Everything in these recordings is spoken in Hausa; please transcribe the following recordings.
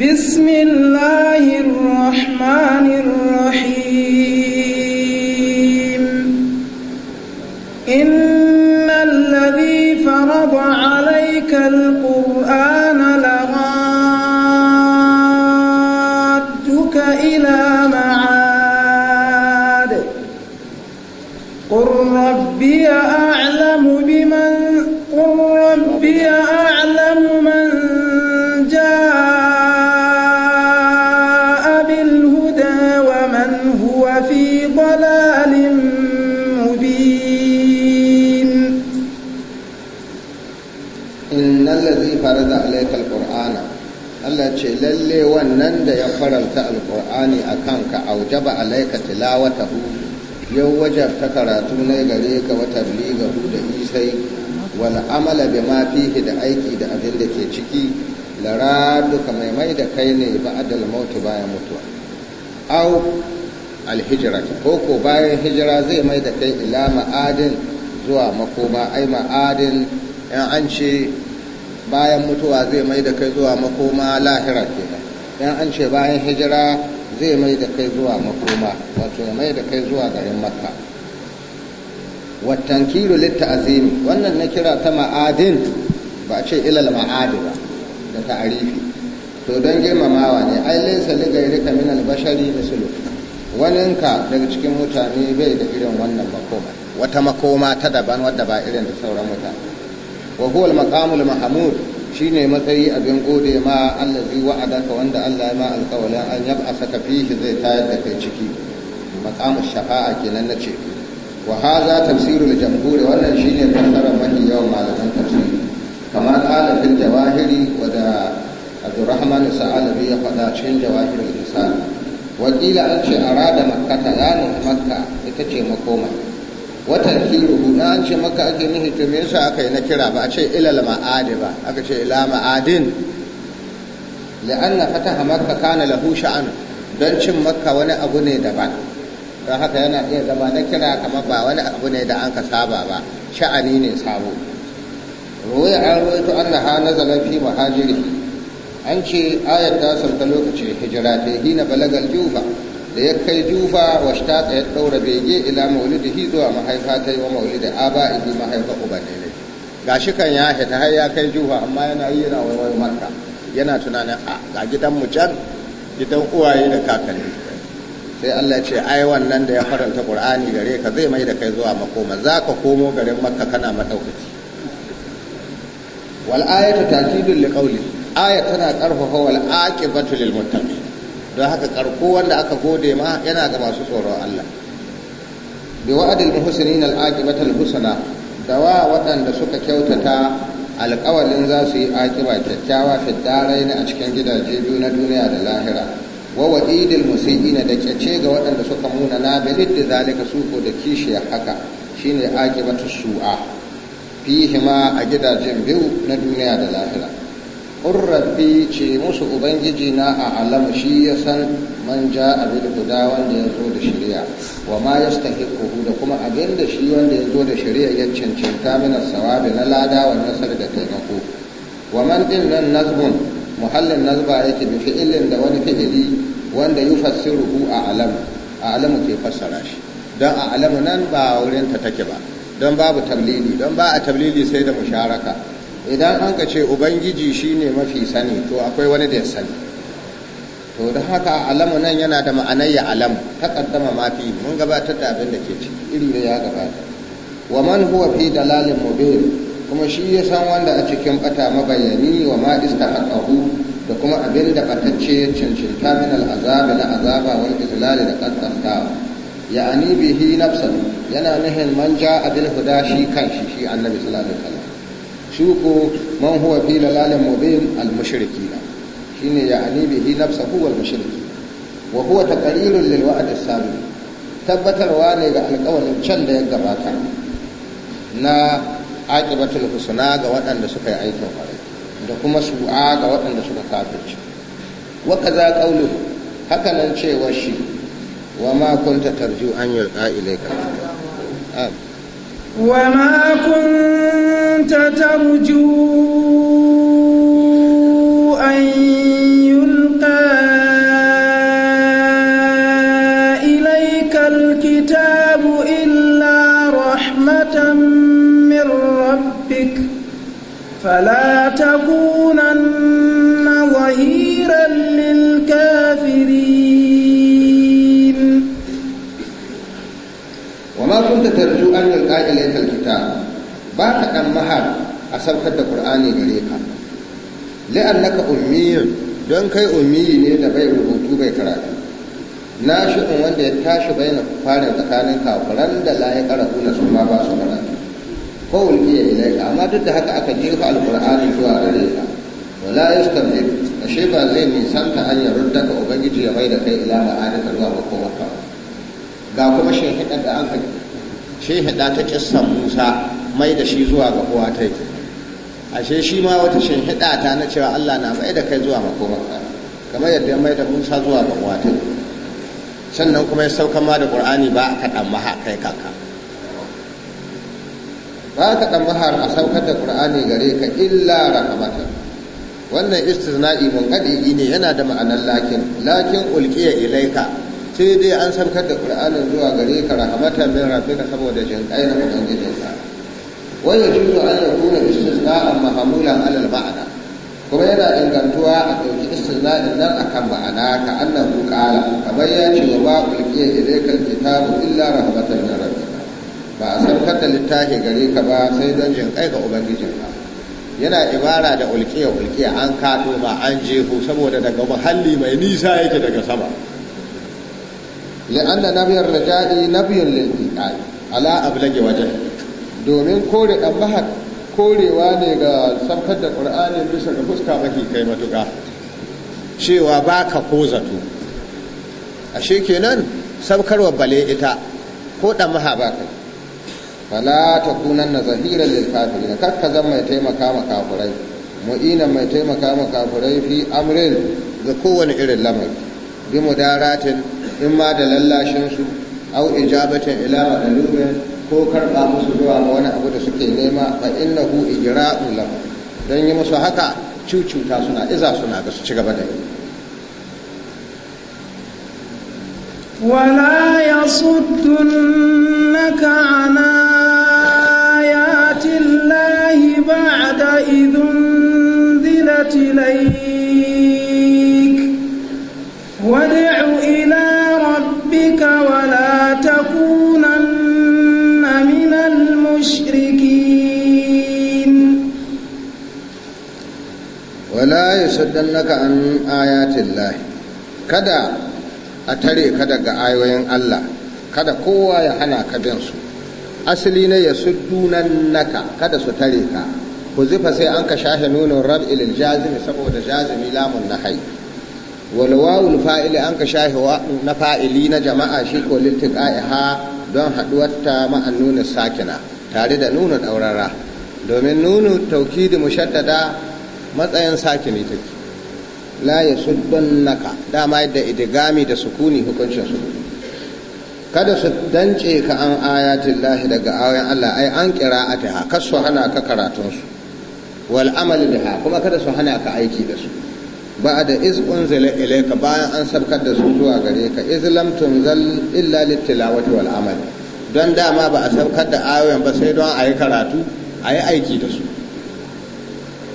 بسم الله الرحمن الرحيم إن tilawatahu yau wajabta karatu ne gare ka watan ligahu da isai wal amala bi ma fihi da aiki da abin da ke ciki laraduka mai mai da kai ne ba ba'dal mautu bayan mutuwa au alhijira ko ko bayan hijira zai mai da kai ila ma'adin zuwa makoma ai ma'adin yan an ce bayan mutuwa zai mai da kai zuwa makoma lahira kenan yan an ce bayan hijira zai mai da kai zuwa makoma wato ya mai da kai zuwa garin makka watankiru azimi wannan na kira ta ma'adin ba ce ilal ma'adi ba da arifi to don girmamawa ne ai laisa li ka min albashari bashari mislu waninka daga cikin mutane bai da irin wannan makoma wata makoma ta daban wadda ba irin da sauran mutane wa huwa al-maqamul mahmud Shi ne matsayi abin gode ma allazi wa'adaka wanda Allah ya ma alƙawalin an saka fihi zai tayar da kai ciki maqamu shafa'a kenan na ce wa hadha da jamhuri wannan shine kasarar mahi yawan malaman tafsiri kama qala fil jawahiri wadda Abdurrahman Sa'alabi ya faɗa cikin da lisan wakila an ce rada makkata ya nufi makka ita ce makoma watan kiruhu na an ce maka ake nufi to me yasa aka yi na kira ba a ce ilal ma'adi ba aka ce ila ma'adin li'anna fataha makka kana lahu sha'an don cin makka wani abu ne daban don haka yana iya zama na kira kamar ba wani abu ne da an ka saba ba sha'ani ne sabo ruwaya an ruwaito an na zama fi muhajiri an ce ayat ta sauka lokacin hijira ta hina balagal ba. da ya kai jufa wa shi shtata ya ɗaura bege ila maulidihi zuwa mahaifa ta yi wa maulidi yi mahaifa ubane ne shi kan ya haita har ya kai jufa amma yana yi yana waiwai marka yana tunanin a ga gidan mu can gidan uwaye da kakanni sai Allah ce ai wannan da ya faranta Qur'ani gare ka zai mai da kai zuwa makoma zaka komo garin Makka kana madaukaki wal ayatu ta'kidul liqawli ayat tana karfafa wal aqibatu lil don haka karko wanda aka gode ma yana ga masu tsoron Allah bi wa'adil muhsinin al'aqibata al-husna dawa waɗanda suka kyautata alƙawalin za su yi aƙiba kyakkyawa fi ne a cikin gidaje biyu na duniya da lahira wa wa'idil musii'ina da kyace ga waɗanda suka muna na da zalika suko da kishiyar haka shine aqibatu su'a fihima a gidajen biyu na duniya da lahira ƙurrafi ce musu ubangiji na a alama shi ya san man ja abin guda wanda ya zo da shirya wa ma ya stahi da kuma abin da shi wanda ya zo da shirya ya cancanta mina sawabi na lada wa nasar da taimako wa man din nan nazbun muhallin nazba yake bi fi'ilin da wani fi'ili wanda yi fassiruhu a alam a alamu ke fassara shi don a alamu nan ba wurin ta take ba don babu tablili don ba a tablili sai da musharaka idan an ka ce ubangiji shine mafi sani to akwai wani da ya sani to da haka alamu nan yana da ma'anar ya alamu ta kaddama mafi mun gabatar da abin da ke ciki iri da ya gabata wa man huwa fi dalalin mubin kuma shi ya san wanda a cikin bata mabayani wa ma istahaqahu da kuma abin da batacce ya cancanta min al'azab na azaba wal izlal da qaddasta ya'ani bihi nafsan yana nihin manja ja'a bil huda shi kan shi shi annabi sallallahu alaihi wasallam shuko man huwa fi lalalin mubin al-mushrikina shine ya ani bihi nafsahu wal mushriki wa huwa taqrirun lil wa'd as-sabiq tabbatarwa ne ga alƙawarin can da ya gabata na aqibatul husna ga waɗanda suka yi aikin kwarai da kuma su'a ga waɗanda suka kafirci wa kaza qawluhu haka nan cewa shi wa ma kunta tarju an yulqa ilayka ah. wa ma kunta كنت ترجو أن يلقى إليك الكتاب إلا رحمة من ربك فلا تكونن ظهيرا للكافرين وما كنت ترجو أن يلقى إليك الكتاب ba ka dan mahal a saukar da ƙur'ani gare ka la'annaka ummiyyun don kai ummiyi ne da bai rubutu bai karatu na shi wanda ya tashi bai na fara tsakanin kafiran da layi karatu na su ba su karatu ko ulkiya ka amma duk da haka aka jefa alƙur'ani zuwa gare ka wala yastabdil ashe ba zai nisanta an hanyar rudda ka ubangiji ya mai da kai ila ma'adaka zuwa makomarka ga kuma shehida da an shehida ta kissan musa mai da shi zuwa ga uwa ta ashe shi ma wata shinhiɗa ta na cewa Allah na mai da kai zuwa makomarka kamar yadda ya mai da Musa zuwa ga uwa ta sannan kuma ya sauka ma da Qur'ani ba ka dan maha kai kaka ba ka dan maha a saukar da Qur'ani gare ka illa rahmatan wannan istizna'i mun kadi ne yana da ma'anar lakin lakin ulqiya ilaika sai dai an saukar da Qur'anin zuwa gare ka rahmatan min rabbika saboda jinkai na ubangijinka ويجوز أن يكون استثناء محمولا على المعنى kuma yana ingantuwa a ɗauki istinadin nan akan ma'ana ka annan qala kamar ya ce wa ba ulqiya ilayka alkitabu illa rahmatan na rabbika ba a san da littafi gare ka ba sai don jin kai ga yana ibara da ulqiya ulqiya an kato ba an jeho saboda daga muhalli mai nisa yake daga sama la'anna nabiyar raja'i nabiyun lil ala ablagi wajhi domin kore ɗan korewa ne ga samkar da ƙur'ani bisa ga fuska mafi kai matuka. cewa ba ka ko zato a shi kenan wa bale ita ko ɗan maha ba kai fala ta kunan na zahirar lilkafiri na kakka zan mai taimaka ma kafirai mu'ina mai taimaka ma kafirai fi amrin ga kowane irin lamari bi mu mudaratin in ma da lallashinsu au ijabatin ila madalubin ko karɓa musu zuwa ma wani abu da suke nema fa innahu ijra'u lahu dan yi musu haka cucuta suna iza suna ga su ci gaba da yi ولا yasudannaka an ayatin lahi kada a tare ka daga ayoyin Allah kada kowa ya hana ka bin su asali ne yasuddunannaka kada su tare ka ku zifa sai an ka shahe nunin rab'i lil jazimi saboda jazimi lamun nahai wal wawul fa'ili an ka shahe na fa'ili na jama'a shi ko ha don haɗuwar ma'an nunin sakina tare da nuna daurara domin nunu taukidi mushaddada matsayin sakini take la yasuddannaka dama yadda idigami da sukuni hukuncin su kada su dance ka an ayatin lahi daga ayoyin Allah ai an kira ta haka su hana ka karatun su wal amal kuma kada su hana ka aiki da su ba da iz unzila ilayka bayan an sarkar da su zuwa gare ka iz lam tunzal illa litilawati wal amal don dama ba a saukar da ayoyin ba sai don a yi karatu a yi aiki da su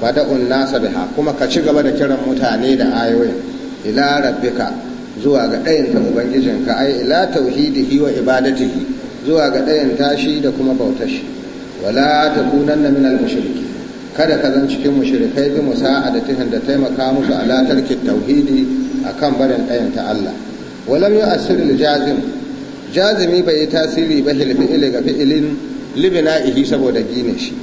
fada'un nasa biha kuma ka ci gaba da kiran mutane da ayoyin ila rabbika zuwa ga ubangijin ka ai ila tauhidihi wa ibadatihi zuwa ga ɗayan tashi da kuma bautar shi wala takunanna min al-mushriki kada ka zan cikin mushrikai bi musa'adatihin da taimaka musu ala tarki tauhidi akan barin ɗayan ta Allah walam yu'assir al-jazim jazimi bai yi tasiri ba hilfi fi'ili ga fi'ilin libna'ihi saboda gine shi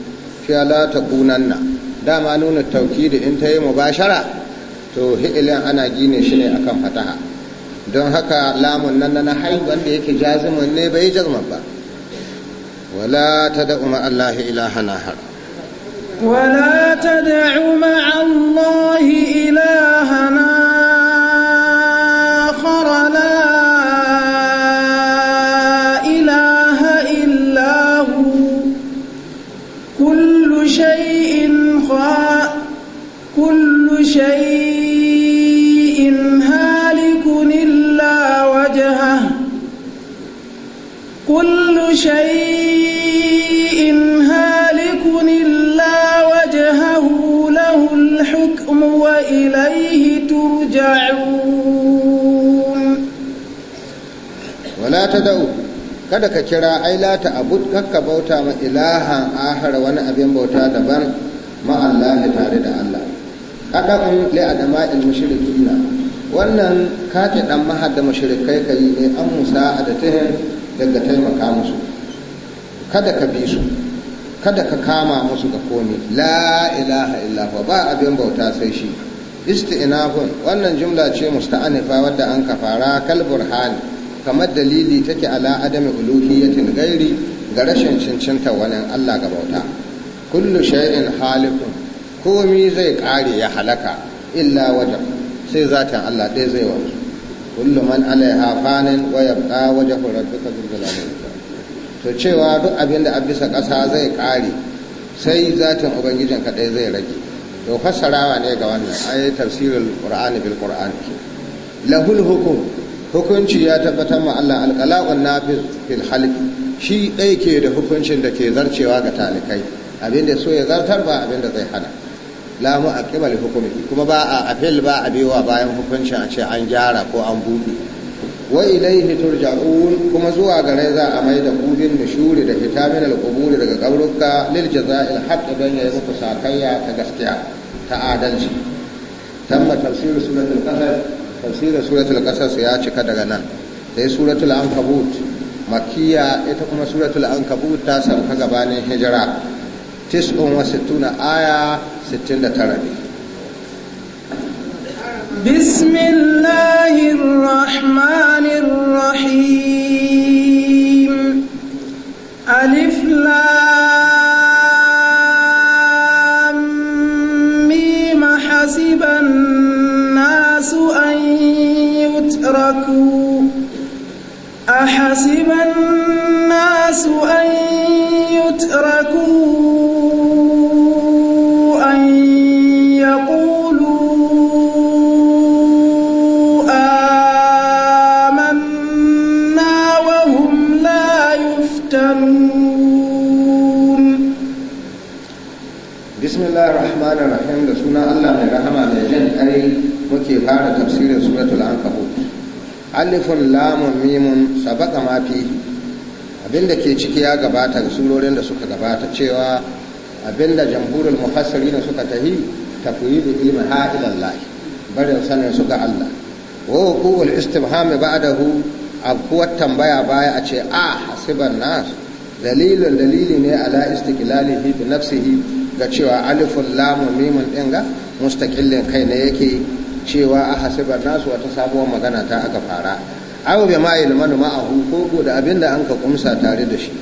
fi ala takunanna dama nuna tauki da in ta yi mubashara to hi'ilin ana gine shi ne akan fataha don haka lamun nan na hai wanda yake jazimin ne bai jazman ba wala ta da'u ma'allahi ilaha na har. wala ta da'u ma'allahi kada ka kira ai la ta'bud kakka bauta ma ilahan ahar wani abin bauta daban ma Allah tare da Allah kadan li al mushrikina wannan kake dan mahadda mushrikai kai ne an musa da tahin daga taimaka musu kada ka bi su kada ka kama musu da komai la ilaha huwa ba abin bauta sai shi isti'nafun wannan jumla ce musta'anifa wadda an kafara kal hali. kamar dalili take ala adami uluhiyatin gairi ga rashin cincinta wani Allah ga bauta kullu shay'in halikun komi zai kare ya halaka illa wajen sai zatin Allah dai zai wanzu kullu man alaiha fanin wa yabqa wajhu rabbika dhul to cewa duk abin da bisa ƙasa zai kare sai zatin ubangijin dai zai rage to fassarawa ne ga wannan ayatul tafsirul qur'ani bil qur'ani lahul hukum hukunci ya tabbatar ma Allah alqalaqun nafiz fil halq shi ɗaya ke da hukuncin da ke zarcewa ga talikai abinda so ya zartar ba abinda zai hana la mu aqiba hukumi kuma ba a afil ba a biwa bayan hukuncin a ce an gyara ko an buɗe wa ilaihi turja'un kuma zuwa gare za a mai da kudin nishuri da fitamin al daga kaburka lil jaza'il haqq dan ya muku sakayya ta gaskiya ta adalci tamma tafsir suratul qasas tafsirin suratul su ya cika daga nan sai suratul ankabut makiya ita kuma suratul ankabut ta sauka gabanin hijira tis'un wa sittuna aya 69 ne الله rahmanir الرحيم أشركوا أحسب الناس أن يتركوا أن يقولوا آمنا وهم لا يفتنون بسم الله الرحمن الرحيم da الله Allah mai rahama mai jin تفسير سورة العنكبوت alifun lamun mimun sabaka ma abinda ke ciki ya gabata da surorin da suka gabata cewa abinda jamhurul na suka tahi tafiye ilmi ha ha'ilan lahi barin sanin su ga Allah wa huqul istibham ba'dahu abkuwar tambaya baya a ce a hasiban nas dalilin dalili ne ala istiqlalihi bi nafsihi ga cewa alifun lamun mimun din ga mustaqillin kai ne yake cewa a hasiba nasu wata sabuwar magana ta aka fara abu bai ma ilmanu ma'ahu ko da abinda an ka kumsa tare da shi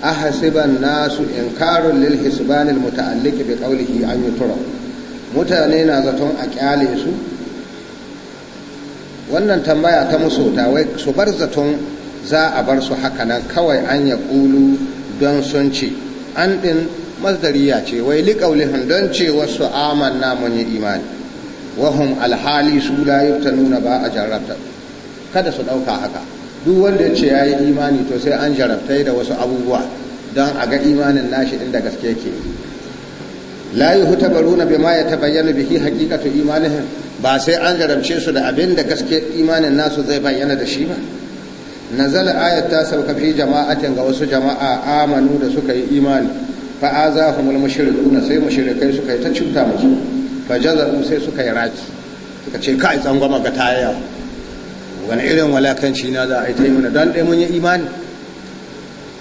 a hasiban nasu in karun lil hisbanil al bi qawlihi an yutura mutane na zaton a kyale su wannan tambaya ta ta wai su bar zaton za a bar su haka nan kawai an ya kulu don sun ce an din masdariya ce wai liƙaulihin don ce wasu amanna mun yi imani wahum alhali su la nuna ba a jarabta kada su ɗauka haka duk wanda ya ce ya yi imani to sai an jarabtai da wasu abubuwa don a ga imanin nashi inda gaske yake la yuhtabaruna bima yatabayyana bihi haqiqatu imanihim ba sai an jarabce su da abin da gaske imanin nasu zai bayyana da shi ba nazala ayat ta sauka fi jama'atin ga wasu jama'a amanu da suka yi imani fa azahumul mushrikuna sai mushrikai suka yi ta cuta musu fajazaru sai suka yi raci suka ce kai tsangwama ga tayaya wani irin walakanci na za a yi ta yi mana don ɗaya mun yi imani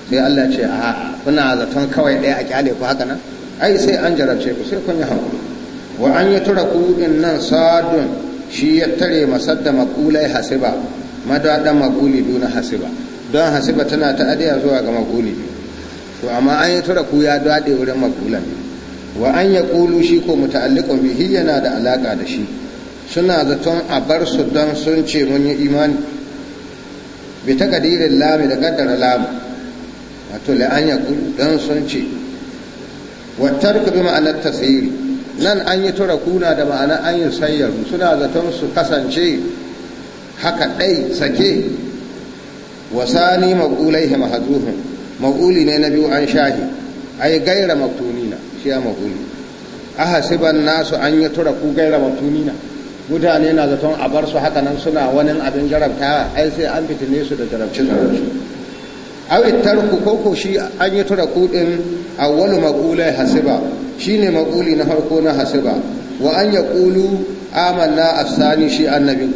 sai Allah ce a kuna zaton kawai ɗaya a kyale ku haka nan ai sai an jarabce ku sai kun yi hankali wa an yi tura kuɗin nan sadun shi ya tare masar da makulai hasiba madadan makuli duna hasiba don hasiba tana ta'adiyar zuwa ga makuli to amma an yi tura ku ya daɗe wurin makulan wa an ya ƙulu shi ko muta'alliqun bihi yana da alaƙa da shi suna zaton a bar su don sun ce mun yi imani bi ƙadirin lami da kaddara lamu wato la an ya ƙulu don sun ce wa tarku bi ma'anar tasiri nan an yi tura kuna da ma'anar an yi sayyaru suna zaton su kasance haka ɗai sake wasani maƙulaihi mahazuhun maƙuli ne na biyu an shahi ai gaira maktuni shi ya nasu an yi tura ku gaira matunina mutane na zaton a bar su haka nan suna wani abin jarabtawa ai sai an fitine su da jarabci jarabci awi tarku koko shi an yi tura ku din awwalu maqulai hasiba ne makuli na farko na hasiba wa an amana amanna afsani shi annabi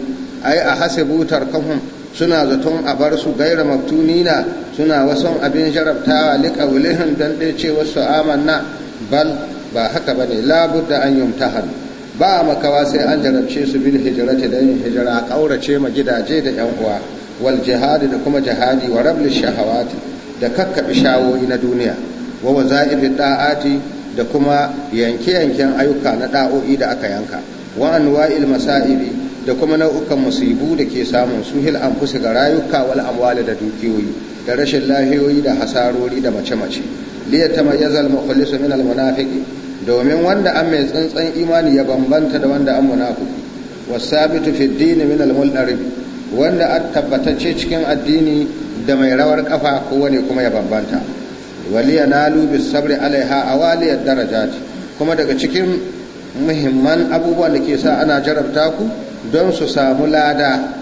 ai a hasibu tarkahum suna zaton a bar su gaira maftunina suna wasan abin jarabtawa wulihin don dai ce wasu amanna bal ba haka ba ne labudda an hannu ba makawa sai an jarabce su bil hijrati da yin hijira ƙaurace ma gidaje da yan uwa wal jihadi da kuma jihadi wa rabli shahawati da kakkaɓi shawoyi na duniya wa wazaibi da'ati da kuma yanke yanken ayyuka na ɗa'o'i da aka yanka wa anwa'il masa'ibi da kuma nau'ukan musibu da ke samun suhil anfusi ga rayuka wal amwali da dukiyoyi da rashin lahiyoyi da hasarori da mace-mace liya tamayyaza al-mukhlis min al munafiqi domin wanda an mai tsantsan imani ya bambanta da wanda an munafiki wasabitu fi min al-mulqarib wanda an tabbatace cikin addini da mai rawar kafa wani kuma ya bambanta waliya nalu bis sabri alaiha daraja darajat kuma daga cikin muhimman abubuwan da ke sa ana jarabta ku don su samu lada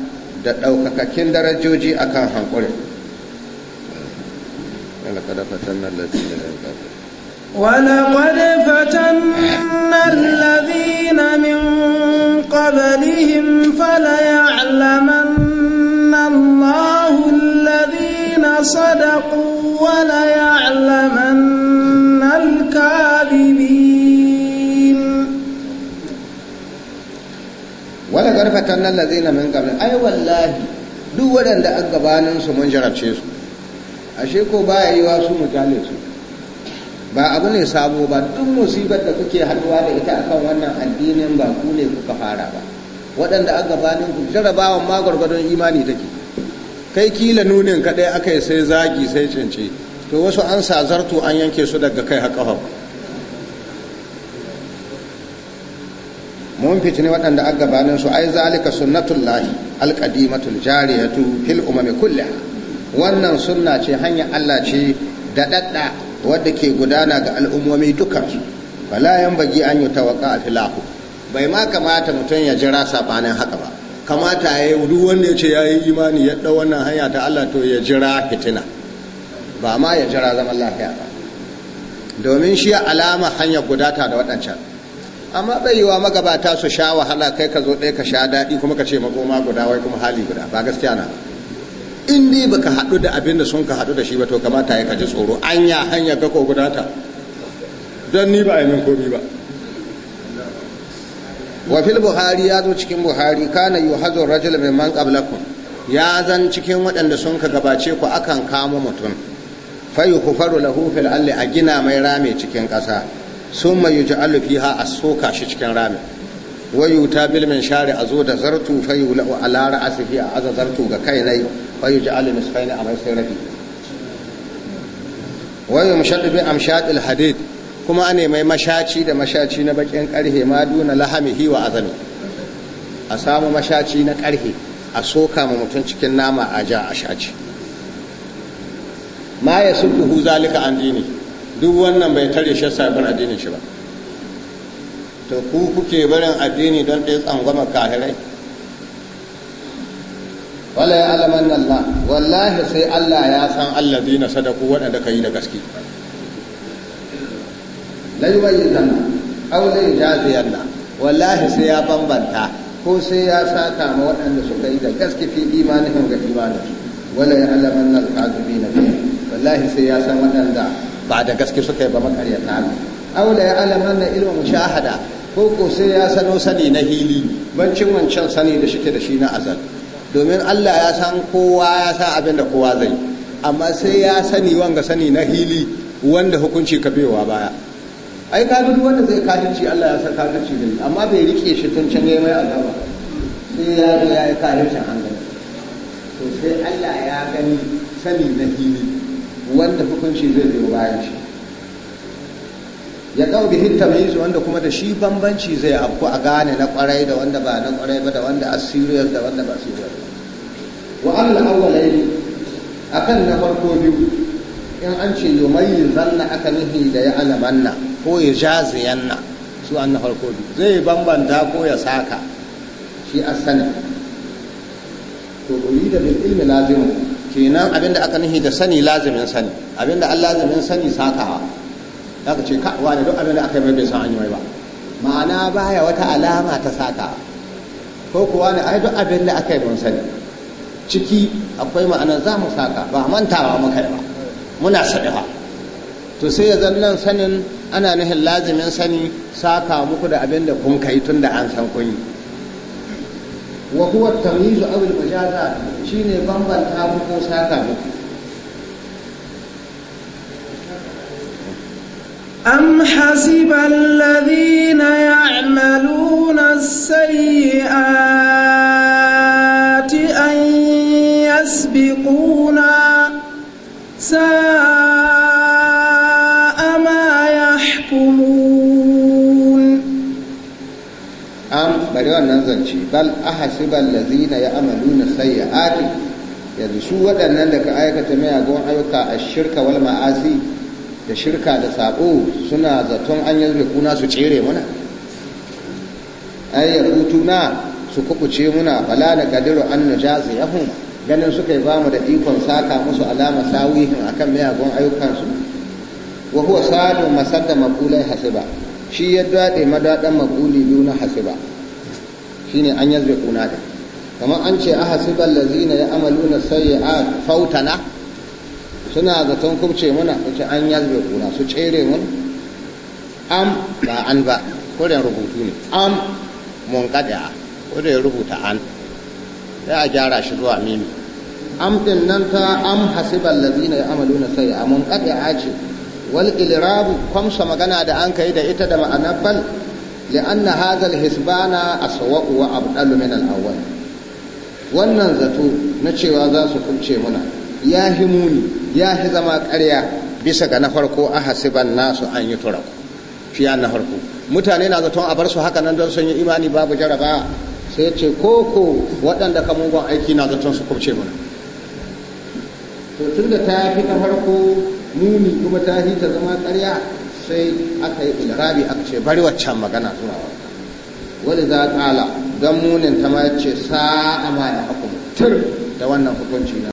da ɗaukakakin darajoji akan hankulin ولقد فتنا الذين من قبل ولقد فتنا الذين من قبلهم فليعلمن الله الذين صدقوا وليعلمن الكاذبين ولقد فتنا الذين من قبل أي والله duk waɗanda an gabaninsu mun jarabce su ashe ko baya yi wa su mu su ba abu ne sabo ba duk musibar da kuke haduwa da ita akan wannan addinin ba ku ne kuka fara ba waɗanda a gabanin ku jarabawan ma gwargwadon imani take kai kila nunin kaɗai aka yi sai zagi sai cince to wasu an sa zarto an yanke su daga kai hau mun ne waɗanda a gabanin su ai zalika sunnatullahi alƙadimatul jariyatu fil umami kulliha wannan sunna ce hanyar Allah ce daɗaɗɗa wadda ke gudana ga al'ummomi dukansu bala layan bagi an yi tawaka a filahu bai ma kamata mutum ya jira saɓanin haka ba kamata ya yi wudu wanda ya ce ya yi imani ya ɗau wannan hanya ta Allah to ya jira fitina ba ma ya jira zaman lafiya ba domin shi alama hanya gudata da waɗancan amma bai yiwa magabata su sha wahala kai ka zo ɗaya ka sha daɗi kuma ka ce makoma guda wai kuma hali guda ba gaskiya na in dai baka haɗu da abin da sun ka haɗu da shi ba to kamata ya kaji tsoro an ya hanya ka ko gudata don ni ba a yi min komi ba wa fil buhari ya zo cikin buhari kana hazo rajul mai man ƙablakun ya zan cikin waɗanda sun ka gabace ku akan kama mutum fayu faru lahu fil alli a gina mai rame cikin ƙasa sun ji alufi fiha a soka shi cikin rame wayu ta bilmin share a zo da zartu fayu la'u ala ra'asihi a aza zartu ga kai nai fayu ja'al misfaini a mai sirrafi wayu mushaddu bi amshad al hadid kuma ane mai mashaci da mashaci na bakin ƙarhe ma duna lahamihi wa azami a samu mashaci na ƙarhe a soka ma mutum cikin nama a ja a shaci ma ya sukuhu zalika an dini duk wannan bai tare shi sabon addinin shi ba to ku kuke barin addini don ɗaya tsangwama kahirai wala ya alaman Allah wallahi sai Allah ya san Allah zina sadaku waɗanda ka yi da gaske lai wayi zana aulai jaziyar na wallahi sai ya bambanta ko sai ya saka ma waɗanda suka yi da gaske fi imanin ga imanin wala ya alaman al-kazibi na wallahi sai ya san waɗanda ba da gaske suka yi ba makaryata ne aula ya alaman na ilmin shahada. ko ko sai ya sano sani na hili bancin wancan sani da shi da shi na azal domin Allah ya san kowa ya san abin da kowa zai amma sai ya sani wanga sani na hili wanda hukunci ka bewa baya ai ka duk wanda zai kafirci Allah ya san kafirci ne amma bai rike shi tun can yayi mai azaba sai ya ga ya yi kafircin an gani to sai Allah ya gani sani na hili wanda hukunci zai bewa baya shi ya kawo bihin tamyiz wanda kuma da shi bambanci zai afku a gane na kwarai da wanda ba na kwarai ba da wanda a da wanda ba serious wa Allah awwalaini akan na farko biyu in an ce zanna aka nihi da ya alamanna ko ya jaziyanna su an na farko biyu zai bambanta ko ya saka shi asana to uri da bil ilmi lazimu kenan abinda aka nihi da sani lazimin sani abinda Allah lazimin sani sakawa za ka ce wani duk abin da aka yi mai bai san an yi mai ba ma'ana baya wata alama ta saka ko kuwa ne ai duk abin da aka yi mun sani ciki akwai ma'ana za mu saka ba mantawa mu kai ba muna sani ba to sai ya zan sanin ana nuhin lazimin sani saka muku da abin da kun kai tun da an san kun yi wa huwa tamyizu awil mujaza shine bambanta muku saka muku أم حسب الذين يعملون السيئات أن يسبقونا ساء ما يحكمون أم بريوا شيء بل أحسب الذين يعملون السيئات yanzu su waɗannan da ka aikata mayagun ayyuka a shirka da shirka da sabo suna zaton an yanzu kuna su tsere muna ai ya na su kubuce muna bala da kadiru an ya hun ganin suka yi bamu da ikon saka musu alama sawihin akan miyagun ayyukansu wa huwa sadun masadda maqulai hasiba shi ya dade madadan makuli biyu na hasiba shine an yazbe kuna da kamar an ce a ahasibal lazina ya amaluna a fautana suna zaton kubce mana wace an ya zube kuna su cere mun am ba an ba kodin rubutu ne am mun kada kodin rubuta an sai a gyara shi zuwa mimi am din nan ta am hasibal ladina ya'maluna a mun kada ce wal ilrabu sa magana da an kai da ita da ma'anar bal لأن هذا الحسبان أسوأ وأبطل من الأول wannan zato na cewa za su kubce muna ya himuni ya fi zama ƙarya bisa ga na farko a hasiban nasu an yi turaku fiya na farko mutane na zaton a bar su haka nan don sun yi imani babu jaraba sai ce koko waɗanda ka aiki na zaton su kubce mana tun da ta fi na farko muni kuma ta fi ta zama ƙarya sai aka yi ilrabi aka ce bari waccan magana turawa wani za tsala don munin ta ma ce sa'a ma da hukum da wannan hukunci na